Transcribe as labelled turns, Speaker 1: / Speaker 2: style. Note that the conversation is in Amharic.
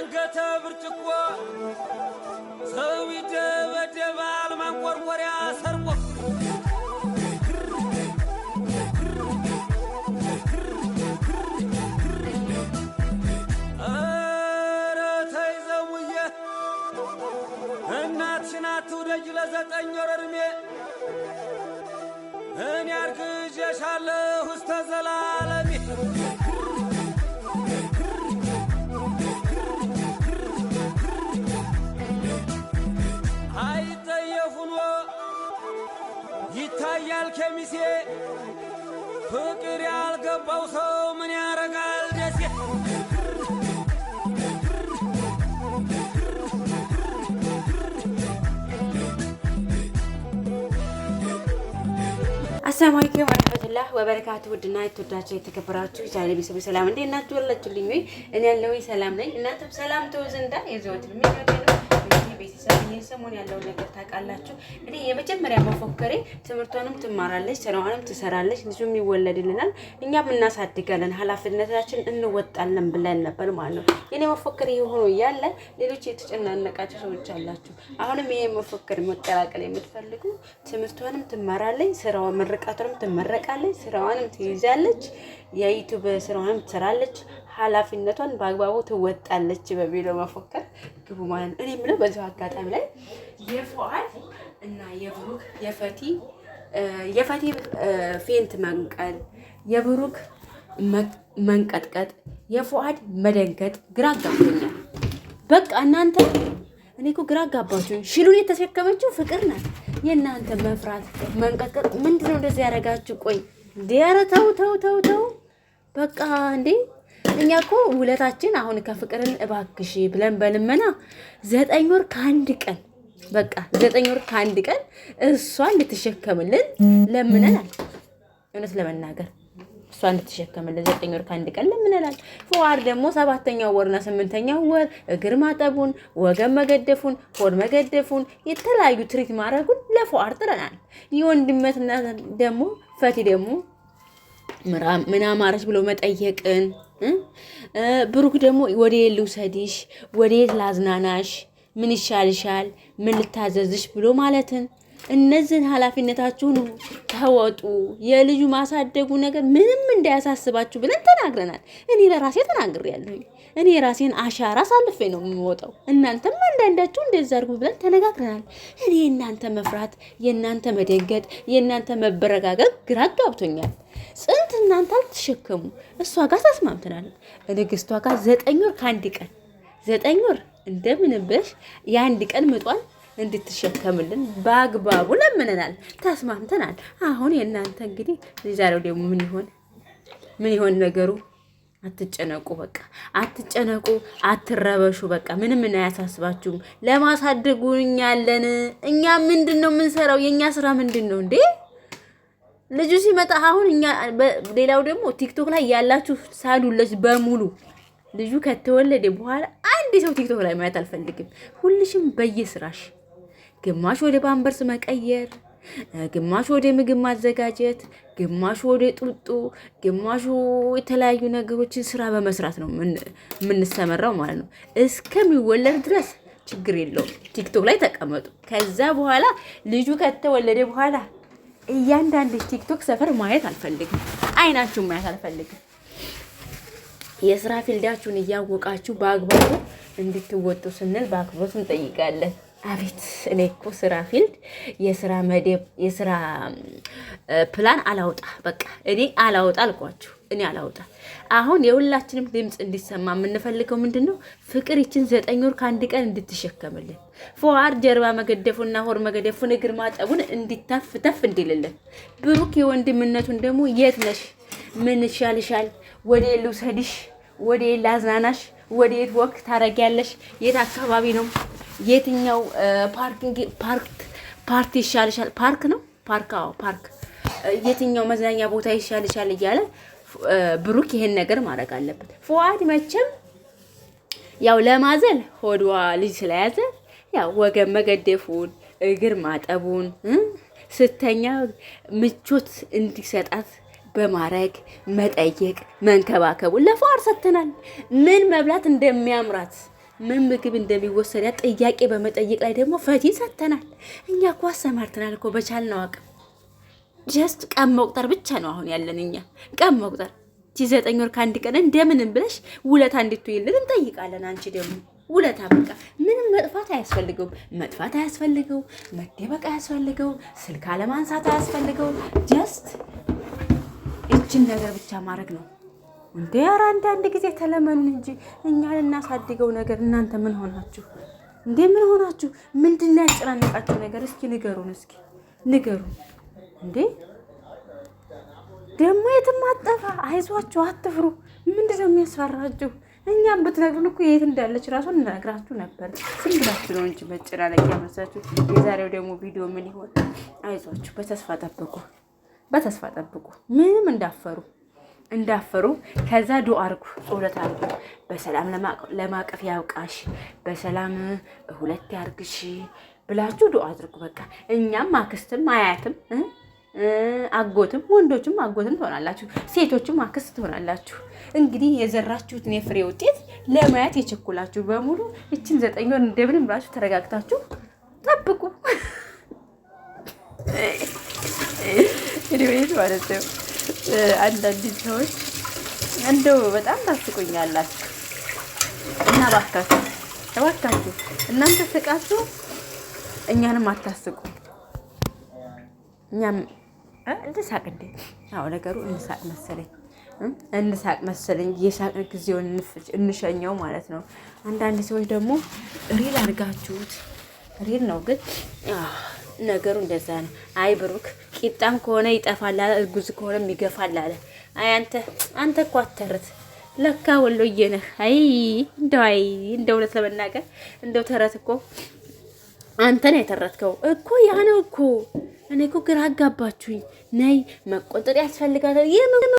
Speaker 1: አንገተ ብርጭቆ ሰው ይደበደባል ማንቆርቆሪያ ሰርቆ እናትሽን ለዘጠኝ ወር እድሜ እኔ አርግዤሻለሁ እስከ ዘላ ሆኖ ይታያል ከሚሴ ፍቅር ያልገባው ሰው ምን ያረጋል ደሴ አሰላሙ አለይኩም ወረህመቱላህ ወበረካቱ። ውድና የተወዳችሁ የተከበራችሁ ቻናሌ ቤተሰቦች ሰላም እንዴት ናችሁ? ወላችሁልኝ ወይ? እኔ ያለሁኝ ሰላም ነኝ። እናንተም ሰላም ተወዘንዳ የዘወትር ምኞቴ ነው። ቤተሰብ ይህን ሰሞን ያለውን ነገር ታውቃላችሁ። እንግዲህ የመጀመሪያ መፎከሬ ትምህርቷንም ትማራለች፣ ስራዋንም ትሰራለች፣ ልጁም ይወለድልናል፣ እኛም እናሳድጋለን፣ ኃላፊነታችን እንወጣለን ብለን ነበር ማለት ነው። የኔ መፎከሬ የሆኑ እያለ ሌሎች የተጨናነቃቸው ሰዎች አላችሁ። አሁንም ይሄ መፎከር መቀላቀል የምትፈልጉ ትምህርቷንም ትማራለች፣ ስራዋ ምርቃቷንም ትመረቃለች፣ ስራዋንም ትይዛለች፣ የዩቱብ ስራዋንም ትሰራለች ኃላፊነቷን በአግባቡ ትወጣለች በሚለው መፎከር ግቡ ማለት ነው። እኔ የምለው በዚሁ አጋጣሚ ላይ የፉአድ እና የብሩክ የፈቲ የፈቲ ፌንት መንቀል፣ የብሩክ መንቀጥቀጥ፣ የፉአድ መደንገጥ ግራ አጋብቶኛል። በቃ እናንተ እኔ እኮ ግራ አጋባችሁ። ሽሉን የተሸከመችው ፍቅር ናት። የእናንተ መፍራት መንቀጥቀጥ ምንድነው? እንደዚህ ያደረጋችሁ ቆይ ዲያረ ተው ተው ተው ተው በቃ እንዴ እኛ እኮ ውለታችን አሁን ከፍቅርን እባክሽ ብለን በልመና ዘጠኝ ወር ከአንድ ቀን በቃ ዘጠኝ ወር ከአንድ ቀን እሷ እንድትሸከምልን ለምነናል። እውነት ለመናገር እሷ እንድትሸከምልን ዘጠኝ ወር ከአንድ ቀን ለምነናል። ፍዋር ደግሞ ሰባተኛው ወርና ስምንተኛው ወር እግር ማጠቡን፣ ወገን መገደፉን፣ ሆድ መገደፉን፣ የተለያዩ ትሪት ማድረጉን ለፍዋር ጥረናል። የወንድመትና ደግሞ ፈቲ ደግሞ ምን አማረች ብሎ መጠየቅን ብሩክ ደግሞ ወዴት ልውሰድሽ፣ ወዴት ላዝናናሽ፣ ምን ይሻልሻል፣ ምን ልታዘዝሽ ብሎ ማለትን እነዚህን ኃላፊነታችሁን ተወጡ። የልጁ ማሳደጉ ነገር ምንም እንዳያሳስባችሁ ብለን ተናግረናል። እኔ ለራሴ ተናግሬያለሁኝ። እኔ የራሴን አሻራ አሳልፌ ነው የምወጣው። እናንተም አንዳንዳችሁ እንደዛ አድርጉ ብለን ተነጋግረናል። እኔ የእናንተ መፍራት፣ የእናንተ መደገጥ፣ የእናንተ መበረጋገጥ ግራ ጋብቶኛል። ጽንት እናንተ አልተሸከሙ። እሷ ጋር ተስማምተናል። ንግስቷ ጋር ዘጠኝ ወር ከአንድ ቀን ዘጠኝ ወር እንደምን የአንድ ቀን ምጧል እንድትሸከምልን በአግባቡ ለምነናል፣ ተስማምተናል። አሁን የእናንተ እንግዲህ ዛሬው ደግሞ ምን ይሆን ምን ይሆን ነገሩ? አትጨነቁ፣ በቃ አትጨነቁ፣ አትረበሹ። በቃ ምንም አያሳስባችሁም። ለማሳደጉ እኛ አለን። እኛ ምንድን ነው የምንሰራው? የእኛ ስራ ምንድን ነው እንዴ? ልጁ ሲመጣ አሁን እኛ ሌላው ደግሞ ቲክቶክ ላይ ያላችሁ ሳሉለች በሙሉ ልጁ ከተወለደ በኋላ አንድ ሰው ቲክቶክ ላይ ማየት አልፈልግም። ሁልሽም በየስራሽ ግማሽ ወደ ባንበርስ መቀየር፣ ግማሽ ወደ ምግብ ማዘጋጀት፣ ግማሽ ወደ ጡጡ ግማሹ የተለያዩ ነገሮችን ስራ በመስራት ነው የምንሰመራው ማለት ነው። እስከሚወለድ ድረስ ችግር የለውም። ቲክቶክ ላይ ተቀመጡ። ከዛ በኋላ ልጁ ከተወለደ በኋላ እያንዳንድ ቲክቶክ ሰፈር ማየት አልፈልግም። አይናችሁን ማየት አልፈልግም። የስራ ፊልዳችሁን እያወቃችሁ በአግባቡ እንድትወጡ ስንል በአክብሮት እንጠይቃለን። አቤት እኔ እኮ ስራ ፊልድ የስራ መደብ የስራ ፕላን አላውጣ በቃ እኔ አላውጣ አልኳችሁ። እኔ አላውጣ። አሁን የሁላችንም ድምፅ እንዲሰማ የምንፈልገው ምንድን ነው? ፍቅር ይችን ዘጠኝ ወር ከአንድ ቀን እንድትሸከምልን ፎዋር ጀርባ መገደፉና ሆር መገደፉን እግር ማጠቡን እንዲታፍ ተፍ እንዲልልን ብሩክ የወንድምነቱን ደግሞ የት ነሽ? ምን ይሻልሻል? ወደ ልውሰድሽ ወደ የት ላዝናናሽ፣ ወደ የት ወክ ታረጊያለሽ፣ የት አካባቢ ነው የትኛው ፓርኪንግ ፓርክ ፓርቲ ይሻልሻል፣ ፓርክ ነው ፓርክ፣ አዎ ፓርክ፣ የትኛው መዝናኛ ቦታ ይሻልሻል እያለ ብሩክ ይሄን ነገር ማድረግ አለበት። ፉአድ መቼም ያው ለማዘል ሆዷ ልጅ ስለያዘ ያው ወገን መገደፉን እግር ማጠቡን ስተኛ ምቾት እንዲሰጣት በማረግ መጠየቅ፣ መንከባከቡ ለፋር ሰጥተናል። ምን መብላት እንደሚያምራት ምን ምግብ እንደሚወሰዳት ጥያቄ በመጠየቅ ላይ ደግሞ ፈቲ ሰጥተናል። እኛ እኮ አሰማርተናል እኮ በቻልነው አቅም ጀስት ቀን መቁጠር ብቻ ነው አሁን ያለን እኛ ቀን መቁጠር ዘጠኝ ወር ከአንድ ቀን እንደምንም ብለሽ ውለታ እንድትይልን እንጠይቃለን። አንቺ ደግሞ ውለታ በቃ ምንም መጥፋት አያስፈልገው፣ መጥፋት አያስፈልገው፣ መደበቅ አያስፈልገው፣ ስልክ አለማንሳት አያስፈልገው። ጀስት እችን ነገር ብቻ ማድረግ ነው እንዴ? ኧረ አንዳንድ ጊዜ ተለመኑን እንጂ እኛ ልናሳድገው ነገር እናንተ ምን ሆናችሁ እንዴ? ምን ሆናችሁ? ምንድን ነው ያጨናነቃችሁ ነገር? እስኪ ንገሩን፣ እስኪ ንገሩን እንዴ ደግሞ የትም አጠፋ። አይዟችሁ፣ አትፍሩ። ምንድን ነው የሚያስፈራችሁ? እኛም ብትነግሩን እኮ የት እንዳለች ራሱ እንነግራችሁ ነበር። ዝም ብላችሁ ነው እንጂ መጨናነቅ ያመሳችሁ። የዛሬው ደግሞ ቪዲዮ ምን ይሆን? አይዟችሁ፣ በተስፋ ጠብቁ። በተስፋ ጠብቁ። ምንም እንዳፈሩ እንዳፈሩ ከዛ ዱ አርጉ፣ ጸሎት አርጉ። በሰላም ለማቀፍ ያውቃሽ፣ በሰላም ሁለት ያርግሽ ብላችሁ ዱ አድርጉ። በቃ እኛም አክስትም አያትም አጎትም ወንዶችም አጎትም ትሆናላችሁ፣ ሴቶችም አክስት ትሆናላችሁ። እንግዲህ የዘራችሁትን የፍሬ ውጤት ለማየት የቸኩላችሁ በሙሉ እችን ዘጠኝ ወር እንደምንም ብላችሁ ተረጋግታችሁ እኔ ማለት ነው አንዳንድ ሰዎች እንደው በጣም ታስቁኛላችሁ እና እባካችሁ እባካችሁ እናንተ ስቃችሁ እኛንም አታስቁ። እኛም እንሳቅ እንዴ! አዎ ነገሩ እንሳቅ መሰለኝ እንሳቅ መሰለኝ የሳቅን ጊዜውን እንሸኘው ማለት ነው። አንዳንድ ሰዎች ደግሞ ሪል አድርጋችሁት ሪል ነው ግን ነገሩ እንደዛ ነው። አይ ብሩክ ቂጣም ከሆነ ይጠፋል አለ፣ እርጉዝ ከሆነም ይገፋል አለ። አይ አንተ አንተ እኮ አተረት ለካ ወሎዬ ነህ። አይ እንደው አይ እንደው እውነት ለመናገር እንደው ተረት እኮ አንተ ነው የተረትከው እኮ ያ ነው እኮ። እኔ እኮ ግራ አጋባችሁኝ። ነይ መቆንጠጥ ያስፈልጋል።